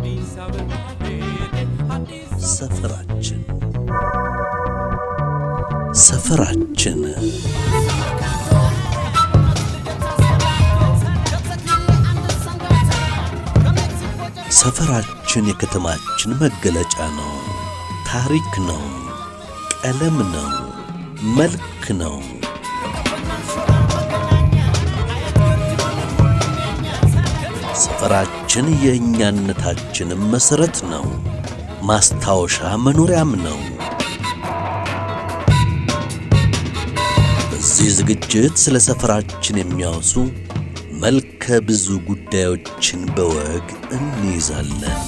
ሰፈራችን ሰፈራችን ሰፈራችን የከተማችን መገለጫ ነው። ታሪክ ነው። ቀለም ነው። መልክ ነው። ሰፈራችን ታሪካችን የእኛነታችንም መሠረት ነው፣ ማስታወሻ መኖሪያም ነው። በዚህ ዝግጅት ስለ ሰፈራችን የሚያወሱ መልከ ብዙ ጉዳዮችን በወግ እንይዛለን።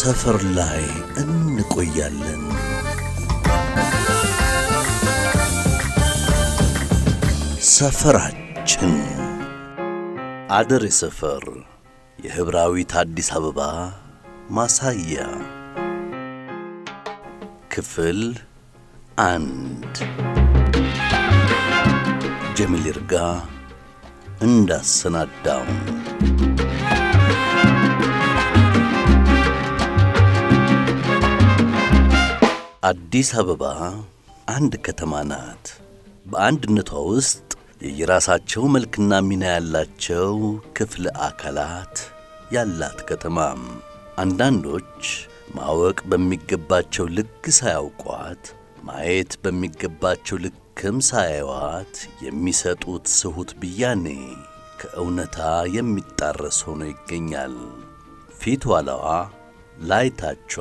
ሰፈር ላይ እንቆያለን። ሰፈራችን አደሬ ሰፈር የህብራዊት አዲስ አበባ ማሳያ ክፍል አንድ ጀሚል ይርጋ እንዳሰናዳው አዲስ አበባ አንድ ከተማ ናት። በአንድነቷ ውስጥ የየራሳቸው መልክና ሚና ያላቸው ክፍለ አካላት ያላት ከተማም አንዳንዶች ማወቅ በሚገባቸው ልክ ሳያውቋት ማየት በሚገባቸው ልክም ሳያዩዋት የሚሰጡት ስሁት ብያኔ ከእውነታ የሚጣረስ ሆኖ ይገኛል። ፊት ኋላዋ ላይታቿ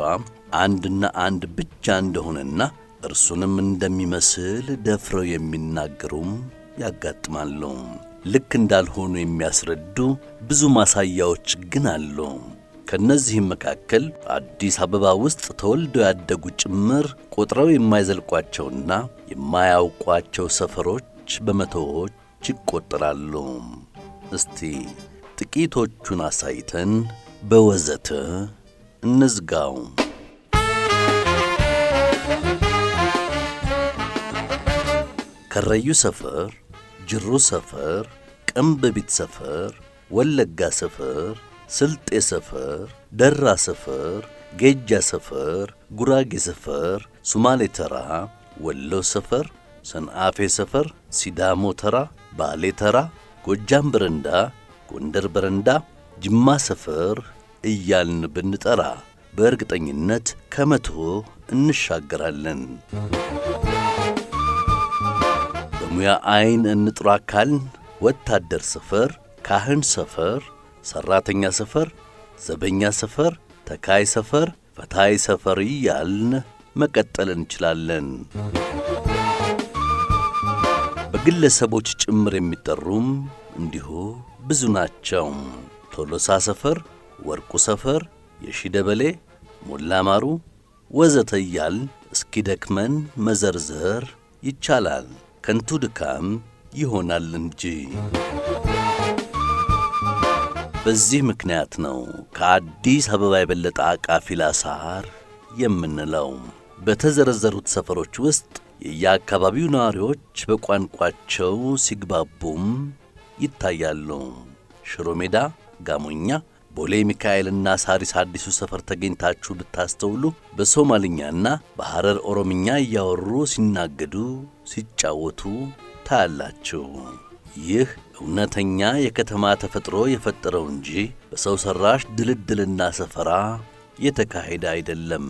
አንድና አንድ ብቻ እንደሆነና እርሱንም እንደሚመስል ደፍረው የሚናገሩም ያጋጥማሉ። ልክ እንዳልሆኑ የሚያስረዱ ብዙ ማሳያዎች ግን አሉ። ከእነዚህም መካከል አዲስ አበባ ውስጥ ተወልደው ያደጉ ጭምር ቆጥረው የማይዘልቋቸውና የማያውቋቸው ሰፈሮች በመቶዎች ይቆጠራሉ። እስቲ ጥቂቶቹን አሳይተን በወዘተ እንዝጋው። ከረዩ ሰፈር ጅሩ ሰፈር፣ ቀምበቢት ሰፈር፣ ወለጋ ሰፈር፣ ስልጤ ሰፈር፣ ደራ ሰፈር፣ ጌጃ ሰፈር፣ ጉራጌ ሰፈር፣ ሱማሌ ተራ፣ ወሎ ሰፈር፣ ሰንአፌ ሰፈር፣ ሲዳሞ ተራ፣ ባሌ ተራ፣ ጎጃም በረንዳ፣ ጎንደር በረንዳ፣ ጅማ ሰፈር እያልን ብንጠራ በእርግጠኝነት ከመቶ እንሻገራለን። ሙያ አይን እንጥሩ አካል ወታደር ሰፈር፣ ካህን ሰፈር፣ ሰራተኛ ሰፈር፣ ዘበኛ ሰፈር፣ ተካይ ሰፈር፣ ፈታይ ሰፈር እያልን መቀጠል እንችላለን። በግለሰቦች ጭምር የሚጠሩም እንዲሁ ብዙ ናቸው። ቶሎሳ ሰፈር፣ ወርቁ ሰፈር፣ የሺደበሌ ሞላማሩ ማሩ ወዘተ እያል እስኪደክመን መዘርዘር ይቻላል። ከንቱ ድካም ይሆናል እንጂ። በዚህ ምክንያት ነው ከአዲስ አበባ የበለጠ አቃፊላ ሳር የምንለው። በተዘረዘሩት ሰፈሮች ውስጥ የየአካባቢው ነዋሪዎች በቋንቋቸው ሲግባቡም ይታያሉ። ሽሮ ሜዳ፣ ጋሞኛ ቦሌ ሚካኤልና ሳሪስ አዲሱ ሰፈር ተገኝታችሁ ብታስተውሉ በሶማልኛና በሐረር ኦሮምኛ እያወሩ ሲናገዱ፣ ሲጫወቱ ታያላችሁ። ይህ እውነተኛ የከተማ ተፈጥሮ የፈጠረው እንጂ በሰው ሠራሽ ድልድልና ሰፈራ የተካሄደ አይደለም።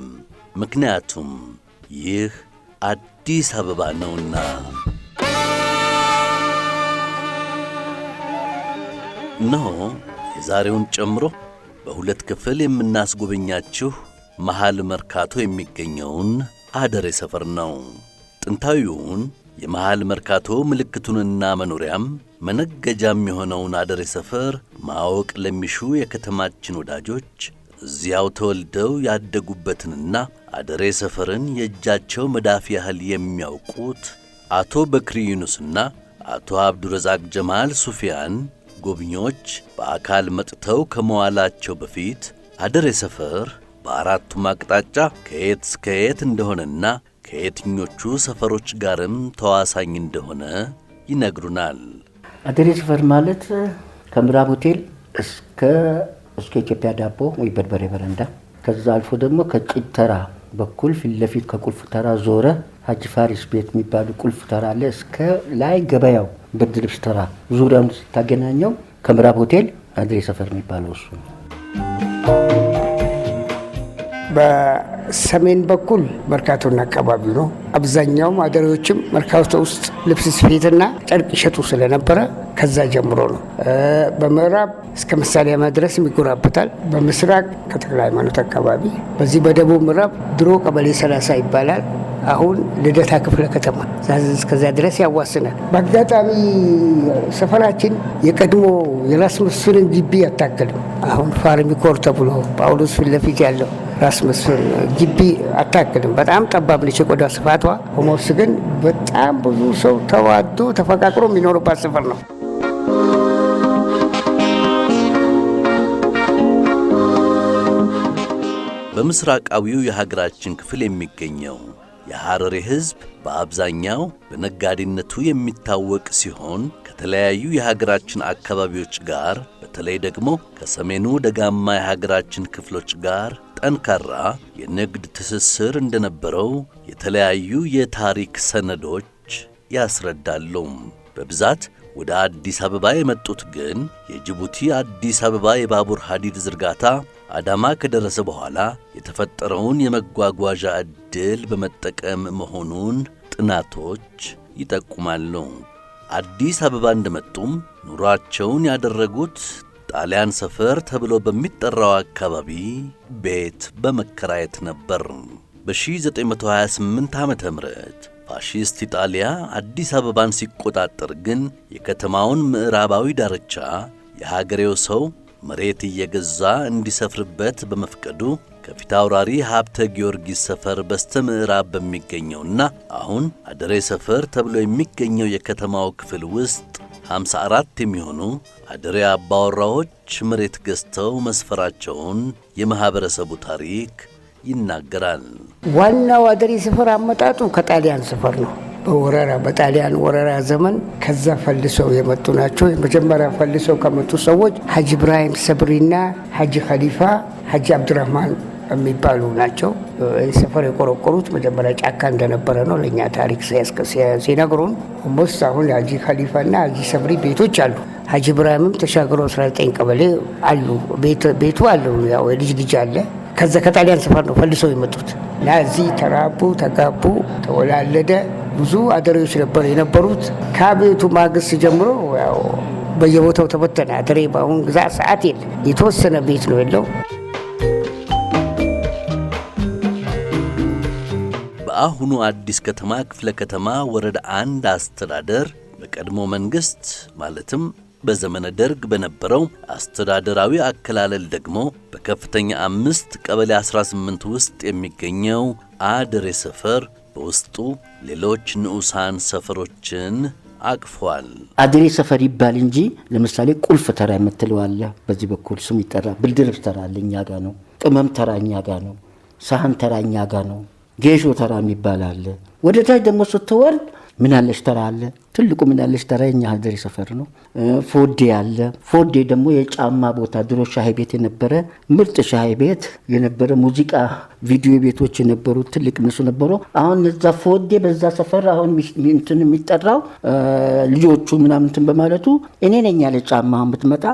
ምክንያቱም ይህ አዲስ አበባ ነውና። እነሆ የዛሬውን ጨምሮ በሁለት ክፍል የምናስጎበኛችሁ መሃል መርካቶ የሚገኘውን አደሬ ሰፈር ነው። ጥንታዊውን የመሃል መርካቶ ምልክቱንና መኖሪያም መነገጃም የሆነውን አደሬ ሰፈር ማወቅ ለሚሹ የከተማችን ወዳጆች እዚያው ተወልደው ያደጉበትንና አደሬ ሰፈርን የእጃቸው መዳፍ ያህል የሚያውቁት አቶ በክሪ ዩኑስና አቶ አብዱረዛቅ ጀማል ሱፊያን ጎብኚዎች በአካል መጥተው ከመዋላቸው በፊት አደሬ ሰፈር በአራቱም አቅጣጫ ከየት እስከ የት እንደሆነና ከየትኞቹ ሰፈሮች ጋርም ተዋሳኝ እንደሆነ ይነግሩናል። አደሬ ሰፈር ማለት ከምዕራብ ሆቴል እስከ እስከ ኢትዮጵያ ዳቦ ወይ በርበሬ በረንዳ ከዛ አልፎ ደግሞ ከጭድ ተራ በኩል ፊት ለፊት ከቁልፍ ተራ ዞረ ሀጅ ፋሪስ ቤት የሚባሉ ቁልፍ ተራ አለ። እስከ ላይ ገበያው ብርድ ልብስ ተራ ዙሪያውን ስታገናኘው ከምዕራብ ሆቴል አድሬ ሰፈር የሚባለው እሱ ነው። ሰሜን በኩል መርካቶና አካባቢ ነው። አብዛኛው ማደሪዎችም መርካቶ ውስጥ ልብስ ስፌትና ጨርቅ ይሸጡ ስለነበረ ከዛ ጀምሮ ነው። በምዕራብ እስከ ምሳሌ መድረስ ይጎራበታል። በምስራቅ ከተክለ ሃይማኖት አካባቢ፣ በዚህ በደቡብ ምዕራብ ድሮ ቀበሌ ሰላሳ ይባላል። አሁን ልደታ ክፍለ ከተማ እስከዚያ ድረስ ያዋስናል። በአጋጣሚ ሰፈራችን የቀድሞ የራስ መስፍንን ግቢ ያታክልም አሁን ፋርሚኮር ተብሎ ጳውሎስ ፊት ለፊት ያለው ራስ ምስር ግቢ አታክልም። በጣም ጠባብ ልጅ የቆዳ ስፋቷ ሆሞስ ግን በጣም ብዙ ሰው ተዋዶ ተፈቃቅሮ የሚኖርባት ስፍር ነው። በምስራቃዊው የሀገራችን ክፍል የሚገኘው የሐረሬ ሕዝብ በአብዛኛው በነጋዴነቱ የሚታወቅ ሲሆን ከተለያዩ የሀገራችን አካባቢዎች ጋር በተለይ ደግሞ ከሰሜኑ ደጋማ የሀገራችን ክፍሎች ጋር ጠንካራ የንግድ ትስስር እንደነበረው የተለያዩ የታሪክ ሰነዶች ያስረዳሉ። በብዛት ወደ አዲስ አበባ የመጡት ግን የጅቡቲ አዲስ አበባ የባቡር ሐዲድ ዝርጋታ አዳማ ከደረሰ በኋላ የተፈጠረውን የመጓጓዣ ዕድል በመጠቀም መሆኑን ጥናቶች ይጠቁማሉ። አዲስ አበባ እንደመጡም ኑሯቸውን ያደረጉት ጣሊያን ሰፈር ተብሎ በሚጠራው አካባቢ ቤት በመከራየት ነበር። በ1928 ዓ ም ፋሺስት ኢጣሊያ አዲስ አበባን ሲቆጣጠር ግን የከተማውን ምዕራባዊ ዳርቻ የሀገሬው ሰው መሬት እየገዛ እንዲሰፍርበት በመፍቀዱ ከፊት አውራሪ ሀብተ ጊዮርጊስ ሰፈር በስተ ምዕራብ በሚገኘውና አሁን አደሬ ሰፈር ተብሎ የሚገኘው የከተማው ክፍል ውስጥ ሃምሳ አራት የሚሆኑ አድሬ አባወራዎች መሬት ገዝተው መስፈራቸውን የማኅበረሰቡ ታሪክ ይናገራል። ዋናው አድሬ ስፍር አመጣጡ ከጣሊያን ስፍር ነው። በወረራ በጣሊያን ወረራ ዘመን ከዛ ፈልሰው የመጡ ናቸው። የመጀመሪያ ፈልሰው ከመጡ ሰዎች ሀጂ ኢብራሂም ሰብሪና ሀጂ ኸሊፋ ሀጂ አብዱራህማን የሚባሉ ናቸው። ሰፈር የቆረቆሩት መጀመሪያ ጫካ እንደነበረ ነው ለእኛ ታሪክ ሲነግሩን። ሞስ አሁን ሀጂ ካሊፋ እና ሀጂ ሰብሪ ቤቶች አሉ። ሀጂ ብርሃምም ተሻግሮ 19 ቀበሌ አሉ። ቤቱ አለ፣ ያው የልጅ ልጅ አለ። ከዛ ከጣሊያን ሰፈር ነው ፈልሰው የመጡት እና እዚህ ተራቡ፣ ተጋቡ፣ ተወላለደ። ብዙ አደሬዎች ነበር የነበሩት። ከቤቱ ማግስት ጀምሮ ያው በየቦታው ተበተነ አደሬ። በአሁን ግዛ ሰዓት የለ የተወሰነ ቤት ነው የለው በአሁኑ አዲስ ከተማ ክፍለ ከተማ ወረዳ አንድ አስተዳደር በቀድሞ መንግሥት ማለትም በዘመነ ደርግ በነበረው አስተዳደራዊ አከላለል ደግሞ በከፍተኛ አምስት ቀበሌ 18 ውስጥ የሚገኘው አደሬ ሰፈር በውስጡ ሌሎች ንዑሳን ሰፈሮችን አቅፏል። አድሬ ሰፈር ይባል እንጂ ለምሳሌ ቁልፍ ተራ የምትለው አለ። በዚህ በኩል ስም ይጠራ። ብልድርብ ተራ አለ፣ እኛ ጋ ነው። ቅመም ተራ እኛ ጋ ነው። ሳህን ተራ እኛ ጋ ነው። ጌሾ ተራ የሚባል አለ። ወደ ታች ደግሞ ስትወርድ ምናለሽ ተራ አለ። ትልቁ ምናለሽ ተራ የኛ ሀገር ሰፈር ነው። ፎዴ አለ። ፎዴ ደግሞ የጫማ ቦታ ድሮ ሻይ ቤት የነበረ ምርጥ ሻይ ቤት የነበረ ሙዚቃ ቪዲዮ ቤቶች የነበሩ ትልቅ እነሱ ነበሩ። አሁን እዛ ፎዴ በዛ ሰፈር አሁን እንትን የሚጠራው ልጆቹ ምናምንትን በማለቱ እኔ ነኝ ያለ ጫማ ብትመጣ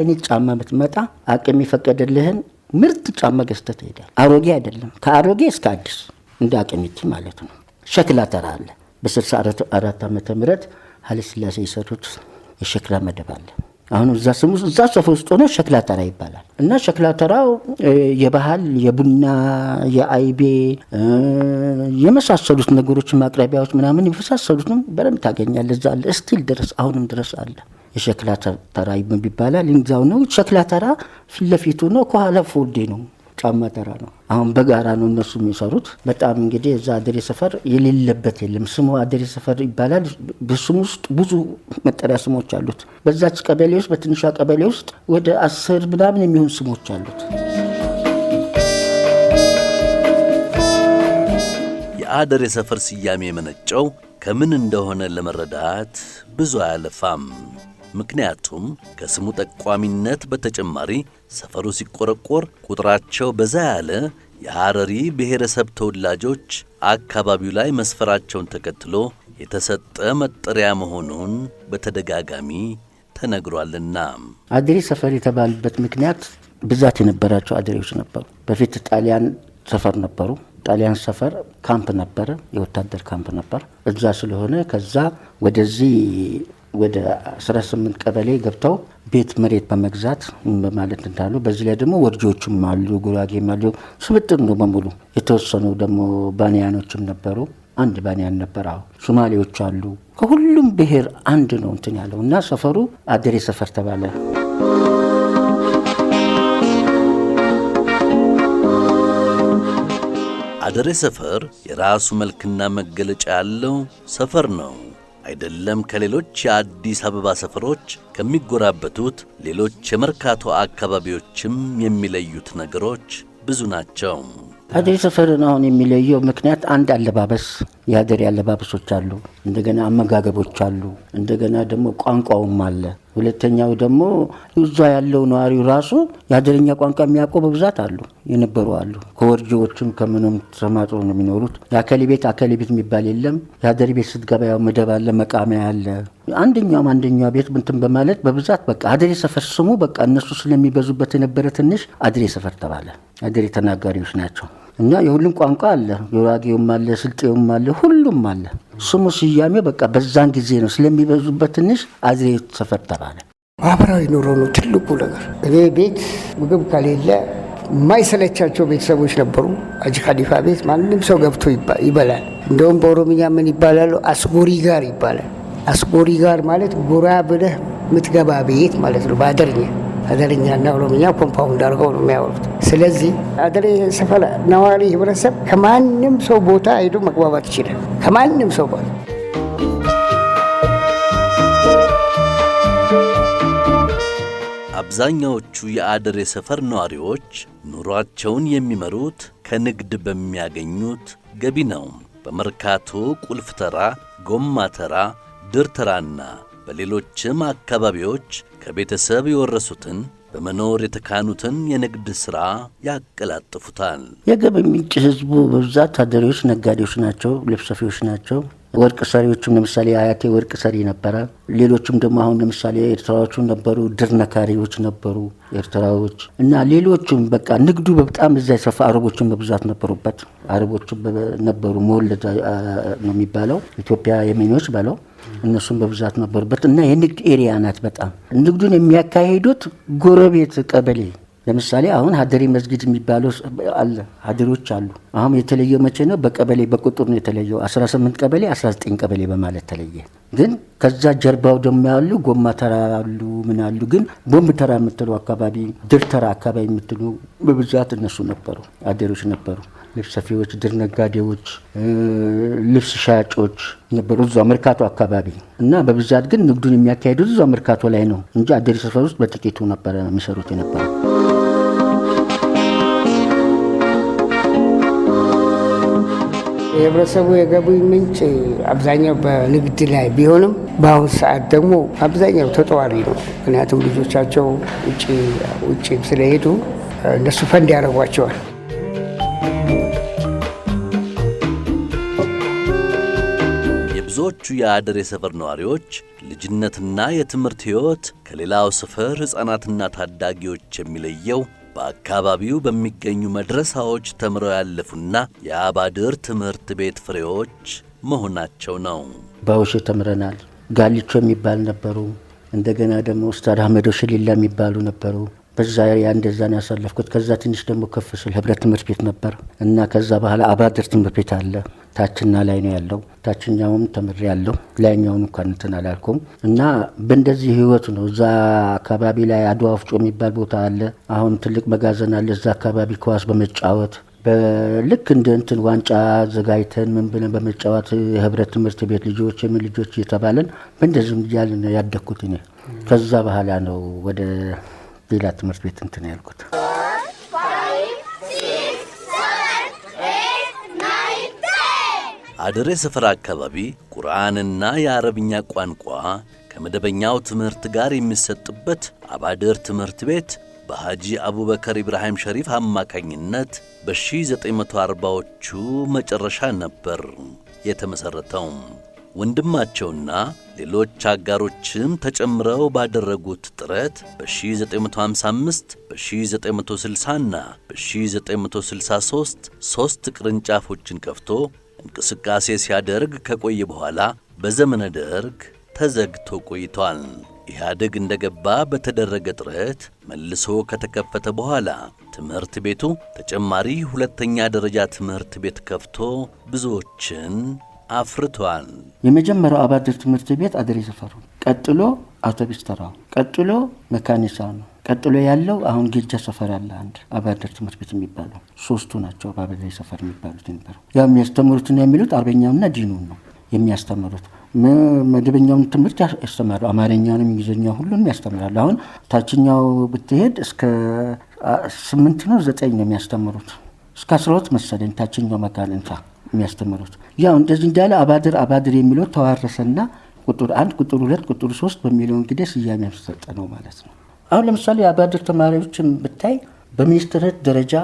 አይነት ጫማ ብትመጣ አቅም የፈቀደልህን ምርጥ ጫማ ገዝተህ ትሄዳለህ። አሮጌ አይደለም፣ ከአሮጌ እስከ አዲስ እንደ አቅሚቲ ማለት ነው። ሸክላ ተራ አለ። በ64 ዓመተ ምህረት ኃይለ የሰሩት የሸክላ መደብ አለ። አሁን እዛ ስሙ እዛ ሶፍ ውስጥ ሆኖ ሸክላ ተራ ይባላል እና ሸክላ ተራው የባህል የቡና የአይቤ የመሳሰሉት ነገሮች ማቅረቢያዎች ምናምን የመሳሰሉትም በደንብ ታገኛለ እዛ አለ እስቲል ድረስ አሁንም ድረስ አለ የሸክላ ተራ ይባላል እንዛው ነው ሸክላ ተራ ፊት ለፊቱ ነው ከኋላ ፎርዴ ነው ጫማ ተራ ነው። አሁን በጋራ ነው እነሱ የሚሰሩት። በጣም እንግዲህ እዛ አድሬ ሰፈር የሌለበት የለም። ስሙ አድሬ ሰፈር ይባላል። በስሙ ውስጥ ብዙ መጠሪያ ስሞች አሉት። በዛች ቀበሌ ውስጥ በትንሿ ቀበሌ ውስጥ ወደ አስር ምናምን የሚሆን ስሞች አሉት። የአደሬ ሰፈር ስያሜ የመነጨው ከምን እንደሆነ ለመረዳት ብዙ አያለፋም። ምክንያቱም ከስሙ ጠቋሚነት በተጨማሪ ሰፈሩ ሲቆረቆር ቁጥራቸው በዛ ያለ የሐረሪ ብሔረሰብ ተወላጆች አካባቢው ላይ መስፈራቸውን ተከትሎ የተሰጠ መጠሪያ መሆኑን በተደጋጋሚ ተነግሯልና አድሪ ሰፈር የተባሉበት ምክንያት ብዛት የነበራቸው አድሬዎች ነበሩ። በፊት ጣሊያን ሰፈር ነበሩ። ጣሊያን ሰፈር ካምፕ ነበረ፣ የወታደር ካምፕ ነበር። እዛ ስለሆነ ከዛ ወደዚህ ወደ 18 ቀበሌ ገብተው ቤት መሬት በመግዛት በማለት እንዳሉ፣ በዚህ ላይ ደግሞ ወርጆችም አሉ፣ ጉራጌም አሉ፣ ስብጥር ነው በሙሉ። የተወሰኑ ደግሞ ባንያኖችም ነበሩ። አንድ ባንያን ነበር። አዎ አሉ። ከሁሉም ብሔር አንድ ነው እንትን ያለው እና ሰፈሩ አደሬ ሰፈር ተባለ። አደሬ ሰፈር የራሱ መልክና መገለጫ ያለው ሰፈር ነው። አይደለም ከሌሎች የአዲስ አበባ ሰፈሮች ከሚጎራበቱት ሌሎች የመርካቶ አካባቢዎችም የሚለዩት ነገሮች ብዙ ናቸው። አዲስ ሰፈርን አሁን የሚለየው ምክንያት አንድ አለባበስ የሀገር ያለባበሶች አሉ፣ እንደገና አመጋገቦች አሉ፣ እንደገና ደግሞ ቋንቋውም አለ። ሁለተኛው ደግሞ እዛ ያለው ነዋሪው ራሱ የሀገርኛ ቋንቋ የሚያውቁ በብዛት አሉ የነበሩ አሉ። ከወርጂዎችም ከምንም ተማጥሮ ነው የሚኖሩት። የአከሌ ቤት አከሌ ቤት የሚባል የለም። የሀገር ቤት ስትገባ ያው መደብ አለ፣ መቃሚያ አለ። አንደኛውም አንደኛው ቤት ምንትን በማለት በብዛት በቃ አደሬ ሰፈር ስሙ በቃ እነሱ ስለሚበዙበት የነበረ ትንሽ አደሬ ሰፈር ተባለ። አደሬ ተናጋሪዎች ናቸው። እና የሁሉም ቋንቋ አለ፣ የራጌውም አለ፣ ስልጤውም አለ፣ ሁሉም አለ። ስሙ ስያሜ በቃ በዛን ጊዜ ነው ስለሚበዙበት ትንሽ አዝሬት ሰፈር ተባለ። ማህበራዊ ኑሮ ነው ትልቁ ነገር። እኔ ቤት ምግብ ከሌለ የማይሰለቻቸው ቤተሰቦች ነበሩ። አጅ ካሊፋ ቤት ማንም ሰው ገብቶ ይበላል። እንደውም በኦሮምኛ ምን ይባላሉ? አስጎሪ ጋር ይባላል። አስጎሪ ጋር ማለት ጉራ ብለህ የምትገባ ቤት ማለት ነው በአደርኛ አደረኛና ኦሮምኛ ኮምፓውንድ አድርገው ነው የሚያወሩት። ስለዚህ አደሬ ሰፈር ነዋሪ ህብረተሰብ ከማንም ሰው ቦታ ሄዶ መግባባት ይችላል። ከማንም ሰው ቦታ አብዛኛዎቹ የአደሬ ሰፈር ነዋሪዎች ኑሯቸውን የሚመሩት ከንግድ በሚያገኙት ገቢ ነው። በመርካቶ ቁልፍ ተራ፣ ጎማ ተራ፣ ድር ተራና በሌሎችም አካባቢዎች ከቤተሰብ የወረሱትን በመኖር የተካኑትን የንግድ ሥራ ያቀላጥፉታል። የገቢ ምንጭ ህዝቡ በብዛት አደሪዎች፣ ነጋዴዎች ናቸው፣ ልብስ ሰፊዎች ናቸው። ወርቅ ሰሪዎችም ለምሳሌ አያቴ ወርቅ ሰሪ ነበረ። ሌሎችም ደግሞ አሁን ለምሳሌ ኤርትራዎቹ ነበሩ፣ ድር ነካሪዎች ነበሩ ኤርትራዎች እና ሌሎቹም በቃ ንግዱ በጣም እዛ የሰፋ አረቦችን በብዛት ነበሩበት። አረቦች ነበሩ መወለድ ነው የሚባለው ኢትዮጵያ የመኞች በለው እነሱም በብዛት ነበሩበት እና የንግድ ኤሪያ ናት። በጣም ንግዱን የሚያካሂዱት ጎረቤት ቀበሌ ለምሳሌ አሁን ሀደሬ መስጊድ የሚባለው አለ፣ ሀደሬዎች አሉ። አሁን የተለየው መቼ ነው? በቀበሌ በቁጥር ነው የተለየው። 18 ቀበሌ 19 ቀበሌ በማለት ተለየ። ግን ከዛ ጀርባው ደሞ ያሉ ጎማ ተራ አሉ፣ ምን አሉ። ግን ቦምብ ተራ የምትሉ አካባቢ፣ ድር ተራ አካባቢ የምትሉ በብዛት እነሱ ነበሩ፣ ሀደሬዎች ነበሩ። ልብስ ሰፊዎች፣ ድር ነጋዴዎች፣ ልብስ ሻጮች ነበሩ እዛ መርካቶ አካባቢ እና በብዛት ግን ንግዱን የሚያካሄዱት እዛ መርካቶ ላይ ነው እንጂ አደሪ ሰፈር ውስጥ በጥቂቱ ነበረ የሚሰሩት የነበረ የህብረተሰቡ የገቢ ምንጭ አብዛኛው በንግድ ላይ ቢሆንም በአሁኑ ሰዓት ደግሞ አብዛኛው ተጠዋሪ ነው። ምክንያቱም ልጆቻቸው ውጭ ስለሄዱ እነሱ ፈንድ ያደርጓቸዋል። ብዙዎቹ የአደር የሰፈር ነዋሪዎች ልጅነትና የትምህርት ሕይወት ከሌላው ሰፈር ሕፃናትና ታዳጊዎች የሚለየው በአካባቢው በሚገኙ መድረሳዎች ተምረው ያለፉና የአባድር ትምህርት ቤት ፍሬዎች መሆናቸው ነው። በውሽ ተምረናል። ጋሊቾ የሚባል ነበሩ። እንደገና ደግሞ ኡስታድ አህመዶ ሽሊላ የሚባሉ ነበሩ። በዛ ያንደዛ ነው ያሳለፍኩት። ከዛ ትንሽ ደግሞ ከፍ ስል ህብረት ትምህርት ቤት ነበር እና ከዛ በኋላ አባድር ትምህርት ቤት አለ። ታችና ላይ ነው ያለው። ታችኛውም ተምሬ ያለው ላይኛውን እንኳን እንትን አላልኩም እና በእንደዚህ ህይወት ነው። እዛ አካባቢ ላይ አድዋ ወፍጮ የሚባል ቦታ አለ። አሁን ትልቅ መጋዘን አለ። እዛ አካባቢ ኳስ በመጫወት በልክ እንደ እንትን ዋንጫ ዘጋጅተን ምን ብለን በመጫወት ህብረት ትምህርት ቤት ልጆች የምን ልጆች እየተባለን በእንደዚህም እያልን ያደግኩት እኔ ከዛ በኋላ ነው ወደ ሌላ ትምህርት ቤት እንትን ያልኩት አድሬ ሰፈር አካባቢ ቁርአንና የአረብኛ ቋንቋ ከመደበኛው ትምህርት ጋር የሚሰጥበት አባድር ትምህርት ቤት በሐጂ አቡበከር ኢብራሂም ሸሪፍ አማካኝነት በ1940ዎቹ መጨረሻ ነበር የተመሠረተው። ወንድማቸውና ሌሎች አጋሮችም ተጨምረው ባደረጉት ጥረት በ1955 በ1960ና በ1963 ሦስት ቅርንጫፎችን ከፍቶ እንቅስቃሴ ሲያደርግ ከቆየ በኋላ በዘመነ ደርግ ተዘግቶ ቆይቷል። ኢህአደግ እንደገባ በተደረገ ጥረት መልሶ ከተከፈተ በኋላ ትምህርት ቤቱ ተጨማሪ ሁለተኛ ደረጃ ትምህርት ቤት ከፍቶ ብዙዎችን አፍርቷል። የመጀመሪያው አባድር ትምህርት ቤት አደሬ ሰፈሩ፣ ቀጥሎ አውቶቢስ ተራው፣ ቀጥሎ መካኒሳ ነው። ቀጥሎ ያለው አሁን ጌጃ ሰፈር ያለ አንድ አባድር ትምህርት ቤት የሚባለው ሶስቱ ናቸው። በአበዳይ ሰፈር የሚባሉት ነበሩ። ያው የሚያስተምሩት የሚሉት አርበኛውና ዲኑን ነው የሚያስተምሩት። መደበኛውን ትምህርት ያስተምራሉ። አማርኛውንም እንግሊዝኛ ሁሉንም ያስተምራሉ። አሁን ታችኛው ብትሄድ እስከ ስምንት ነው ዘጠኝ ነው የሚያስተምሩት እስከ አስራ ሁለት መሰለኝ ታችኛው መካንንታ የሚያስተምሩት። ያው እንደዚህ እንዳለ አባድር አባድር የሚለው ተዋረሰና ቁጥር አንድ ቁጥር ሁለት ቁጥር ሶስት በሚለው እንግዲህ ስያሜ ያስሰጠ ነው ማለት ነው። አሁን ለምሳሌ የአባድር ተማሪዎችን ብታይ በሚኒስትርነት ደረጃ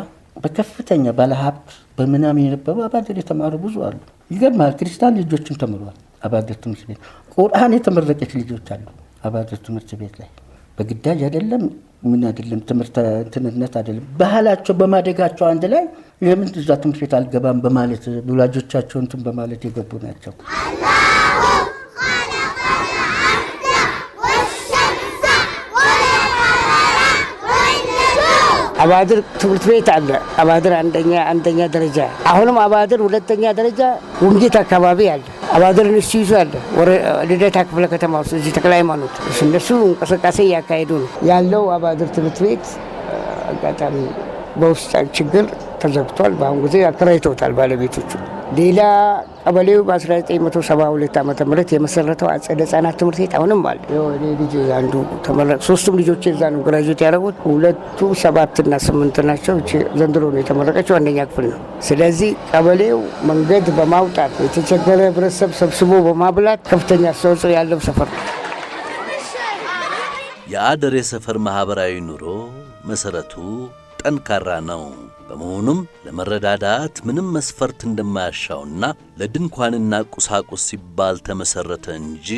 በከፍተኛ ባለሀብት በምናምን የነበሩ አባድር የተማሩ ብዙ አሉ። ይገርማል። ክርስቲያን ልጆችም ተምሯል አባድር ትምህርት ቤት። ቁርአን የተመረቀች ልጆች አሉ አባድር ትምህርት ቤት ላይ በግዳጅ አይደለም ምን አይደለም ትምህርት እንትንነት አይደለም ባህላቸው በማደጋቸው አንድ ላይ ለምን እዛ ትምህርት ቤት አልገባም በማለት ወላጆቻቸው እንትን በማለት የገቡ ናቸው። አባድር ትምህርት ቤት አለ። አባድር አንደኛ አንደኛ ደረጃ አሁንም አባድር ሁለተኛ ደረጃ ውንጌት አካባቢ አለ። አባድር ንሱ ይዞ አለ ልደታ ክፍለ ከተማ ውስጥ እዚህ ተክለ ሃይማኖት እነሱ እንቅስቃሴ እያካሄዱ ነው ያለው። አባድር ትምህርት ቤት አጋጣሚ በውስጥ ችግር ተዘግቷል። በአሁን ጊዜ አከራይተውታል ባለቤቶቹ። ሌላ ቀበሌው በ1972 ዓ ም የመሰረተው አጸደ ህጻናት ትምህርት ቤት አሁንም አለ። ልጅ አንዱ ተመረቀ። ሶስቱም ልጆች እዛ ነው ግራጁዌት ያደረጉት። ሁለቱ ሰባትና ስምንት ናቸው። ዘንድሮ ነው የተመረቀችው፣ አንደኛ ክፍል ነው። ስለዚህ ቀበሌው መንገድ በማውጣት የተቸገረ ህብረተሰብ ሰብስቦ በማብላት ከፍተኛ አስተዋጽኦ ያለው ሰፈር ነው። የአደሬ ሰፈር ማህበራዊ ኑሮ መሰረቱ ጠንካራ ነው። በመሆኑም ለመረዳዳት ምንም መስፈርት እንደማያሻውና ለድንኳንና ቁሳቁስ ሲባል ተመሠረተ እንጂ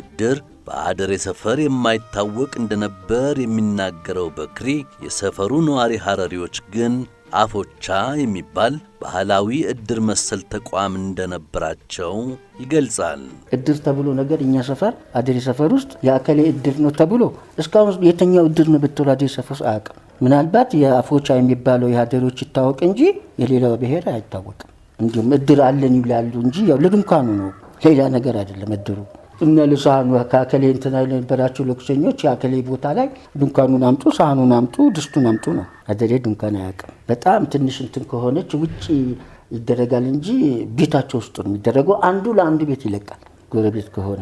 ዕድር በአደሬ ሰፈር የማይታወቅ እንደነበር የሚናገረው በክሪ የሰፈሩ ነዋሪ ሐረሪዎች ግን አፎቻ የሚባል ባህላዊ ዕድር መሰል ተቋም እንደነበራቸው ይገልጻል። ዕድር ተብሎ ነገር እኛ ሰፈር አደሬ ሰፈር ውስጥ የአከሌ ዕድር ነው ተብሎ እስካሁን የተኛው ዕድር ነው ብትሉ አደሬ ሰፈር አያውቅም። ምናልባት የአፎቻ የሚባለው የሀገሮች ይታወቅ እንጂ የሌላው ብሔር አይታወቅም። እንዲሁም እድር አለን ይላሉ እንጂ ያው ለድንኳኑ ነው፣ ሌላ ነገር አይደለም እድሩ። እነ ልሳኑ ከአከሌ እንትና የነበራቸው ለኩሰኞች የአከሌ ቦታ ላይ ድንኳኑን አምጡ፣ ሳህኑን አምጡ፣ ድስቱን አምጡ ነው። አደሬ ድንኳን አያውቅም። በጣም ትንሽ እንትን ከሆነች ውጭ ይደረጋል እንጂ ቤታቸው ውስጥ ነው የሚደረገው። አንዱ ለአንዱ ቤት ይለቃል፣ ጎረቤት ከሆነ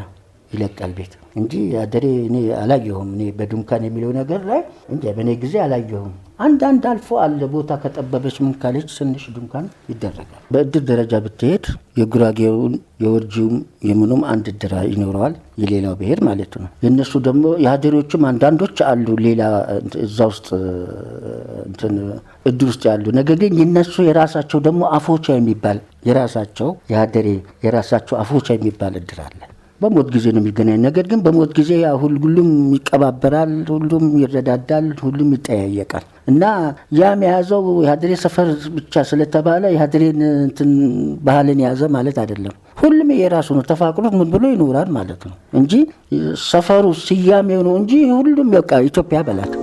ይለቃል ቤት እንጂ አደሬ እኔ አላየሁም። እኔ በድንኳን የሚለው ነገር ላይ እንጃ በእኔ ጊዜ አላየሁም። አንዳንድ አልፎ አለ ቦታ ከጠበበች ምን ካለች ትንሽ ድንኳን ይደረጋል። በእድር ደረጃ ብትሄድ የጉራጌውን የወርጂውም የምኑም አንድ እድር ይኖረዋል፣ የሌላው ብሄር ማለት ነው። የእነሱ ደግሞ የሀደሬዎችም አንዳንዶች አሉ፣ ሌላ እዛ ውስጥ እንትን እድር ውስጥ ያሉ። ነገር ግን የነሱ የራሳቸው ደግሞ አፎቻ የሚባል የራሳቸው የሀደሬ የራሳቸው አፎቻ የሚባል እድር አለ። በሞት ጊዜ ነው የሚገናኝ። ነገር ግን በሞት ጊዜ ሁሉም ይቀባበራል፣ ሁሉም ይረዳዳል፣ ሁሉም ይጠያየቃል እና ያም የያዘው የሀድሬ ሰፈር ብቻ ስለተባለ የሀድሬን እንትን ባህልን የያዘ ማለት አይደለም። ሁሉም የራሱ ነው፣ ተፋቅሮት ምን ብሎ ይኖራል ማለት ነው እንጂ ሰፈሩ ስያሜው ነው እንጂ ሁሉም በቃ ኢትዮጵያ በላት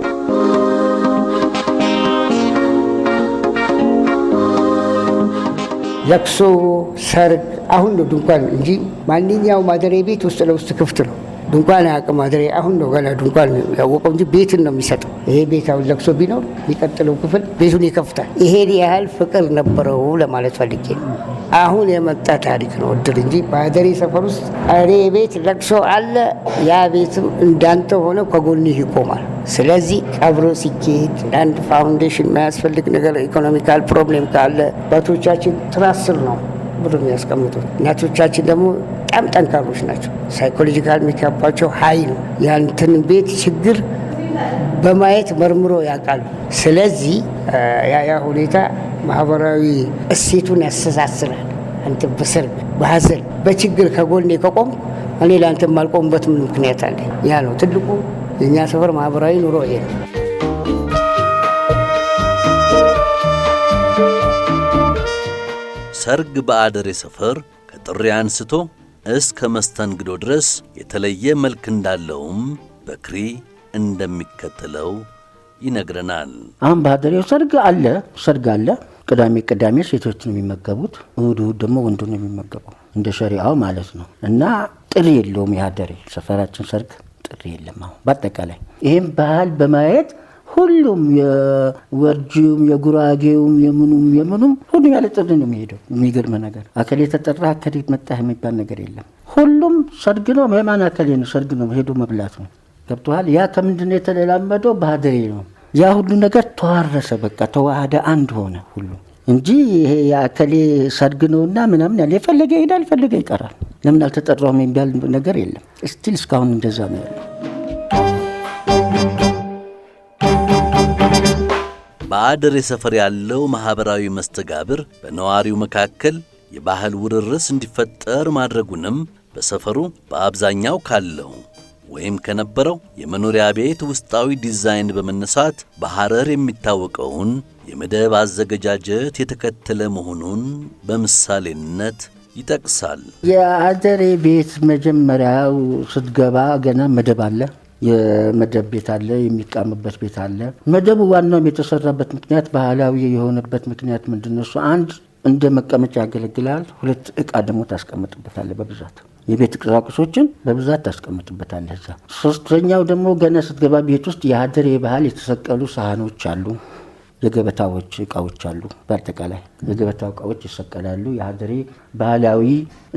ለቅሶ፣ ሰርግ አሁን ነው ድንኳን እንጂ ማንኛው ማደሪያ ቤት ውስጥ ለውስጥ ክፍት ነው። ድንኳን አያውቅም ማደሪያ። አሁን ነው ገና ድንኳን ያወቀው እንጂ ቤትን ነው የሚሰጠው። ይሄ ቤት አሁን ለቅሶ ቢኖር የሚቀጥለው ክፍል ቤቱን ይከፍታል። ይሄን ያህል ፍቅር ነበረው ለማለት ፈልጌ አሁን የመጣ ታሪክ ነው እድር እንጂ በአደሬ ሰፈር ውስጥ አደሬ ቤት ለቅሶ አለ። ያ ቤትም እንዳንተ ሆነ ከጎንህ ይቆማል። ስለዚህ ቀብሮ ሲኬድ አንድ ፋውንዴሽን የማያስፈልግ ነገር ኢኮኖሚካል ፕሮብሌም ካለ አባቶቻችን ትራስል ነው ብሎ የሚያስቀምጡት። እናቶቻችን ደግሞ በጣም ጠንካሮች ናቸው። ሳይኮሎጂካል የሚከባቸው ሀይ ነው። ያንትን ቤት ችግር በማየት መርምሮ ያውቃሉ። ስለዚህ ያያ ሁኔታ ማህበራዊ እሴቱን ያስተሳስራል። አንተ በሰርግ በሀዘን በችግር ከጎኔ ከቆም እኔ ለአንተ ማልቆምበት ምን ምክንያት አለ? ያ ነው ትልቁ የእኛ ሰፈር ማህበራዊ ኑሮ ይሄ ነው። ሰርግ በአደሬ ሰፈር ከጥሪ አንስቶ እስከ መስተንግዶ ድረስ የተለየ መልክ እንዳለውም በክሪ እንደሚከተለው ይነግረናል። አሁን በአደሬው ሰርግ አለ፣ ሰርግ አለ። ቅዳሜ ቅዳሜ ሴቶች ነው የሚመገቡት፣ እሁድ እሁድ ደግሞ ወንዱ ነው የሚመገበው፣ እንደ ሸሪአው ማለት ነው። እና ጥሪ የለውም የአደሬ ሰፈራችን ሰርግ ጥሪ የለም። አሁን በአጠቃላይ ይህም ባህል በማየት ሁሉም የወርጂውም የጉራጌውም የምኑም የምኑም ሁሉም ያለ ጥሪ ነው የሚሄደው። የሚገርም ነገር አከል የተጠራ አከል መጣህ የሚባል ነገር የለም። ሁሉም ሰርግ ነው። የማን አከሌ ነው? ሰርግ ነው ሄዶ መብላት ነው። ገብተዋል። ያ ከምንድን ነው የተለላመደው? ባህደሬ ነው። ያ ሁሉ ነገር ተዋረሰ። በቃ ተዋህደ፣ አንድ ሆነ ሁሉ እንጂ ይሄ የአከሌ ሰርግ ነውና ምናምን ያለ የፈለገ ይሄዳል፣ የፈለገ ይቀራል። ለምን አልተጠራውም የሚባል ነገር የለም። ስቲል እስካሁን እንደዛ ነው ያለው። በአደሬ ሰፈር ያለው ማኅበራዊ መስተጋብር በነዋሪው መካከል የባህል ውርርስ እንዲፈጠር ማድረጉንም በሰፈሩ በአብዛኛው ካለው ወይም ከነበረው የመኖሪያ ቤት ውስጣዊ ዲዛይን በመነሳት በሐረር የሚታወቀውን የመደብ አዘገጃጀት የተከተለ መሆኑን በምሳሌነት ይጠቅሳል። የአደሬ ቤት መጀመሪያው ስትገባ ገና መደብ አለ። የመደብ ቤት አለ፣ የሚቃምበት ቤት አለ። መደቡ ዋናውም የተሰራበት ምክንያት ባህላዊ የሆነበት ምክንያት ምንድን ነው? እሱ አንድ እንደ መቀመጫ ያገለግላል። ሁለት እቃ ደግሞ ታስቀምጥበታለህ በብዛት የቤት ቁሳቁሶችን በብዛት ታስቀምጥበታለህ እዛ። ሶስተኛው ደግሞ ገና ስትገባ ቤት ውስጥ የአደሬ ባህል የተሰቀሉ ሳህኖች አሉ። የገበታዎች እቃዎች አሉ። በአጠቃላይ የገበታ እቃዎች ይሰቀላሉ። የሀገሬ ባህላዊ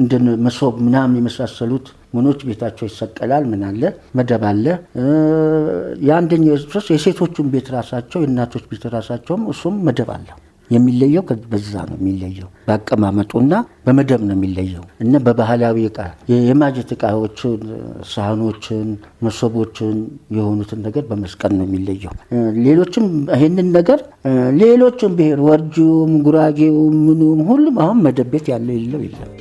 እንደ መሶብ ምናምን የመሳሰሉት ምኖች ቤታቸው ይሰቀላል። ምን አለ መደብ አለ። የአንደኛው የሴቶቹን ቤት ራሳቸው የእናቶች ቤት ራሳቸውም እሱም መደብ አለ። የሚለየው በዛ ነው የሚለየው። በአቀማመጡና በመደብ ነው የሚለየው እና በባህላዊ እቃ የማጀት እቃዎችን፣ ሳህኖችን፣ መሶቦችን የሆኑትን ነገር በመስቀል ነው የሚለየው። ሌሎችም ይህንን ነገር ሌሎችም ብሔር ወርጂውም፣ ጉራጌውም፣ ምኑም ሁሉም አሁን መደብ ቤት ያለው የለው የለም።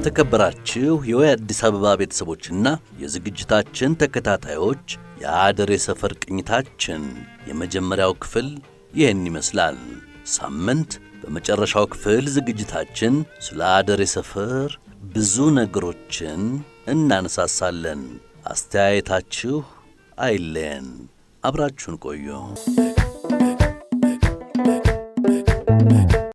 የተከበራችሁ አዲስ አበባ ቤተሰቦችና የዝግጅታችን ተከታታዮች የአደሬ ሰፈር ቅኝታችን የመጀመሪያው ክፍል ይህን ይመስላል። ሳምንት በመጨረሻው ክፍል ዝግጅታችን ስለ አደሬ ሰፈር ብዙ ነገሮችን እናነሳሳለን። አስተያየታችሁ አይለየን። አብራችሁን ቆዩ።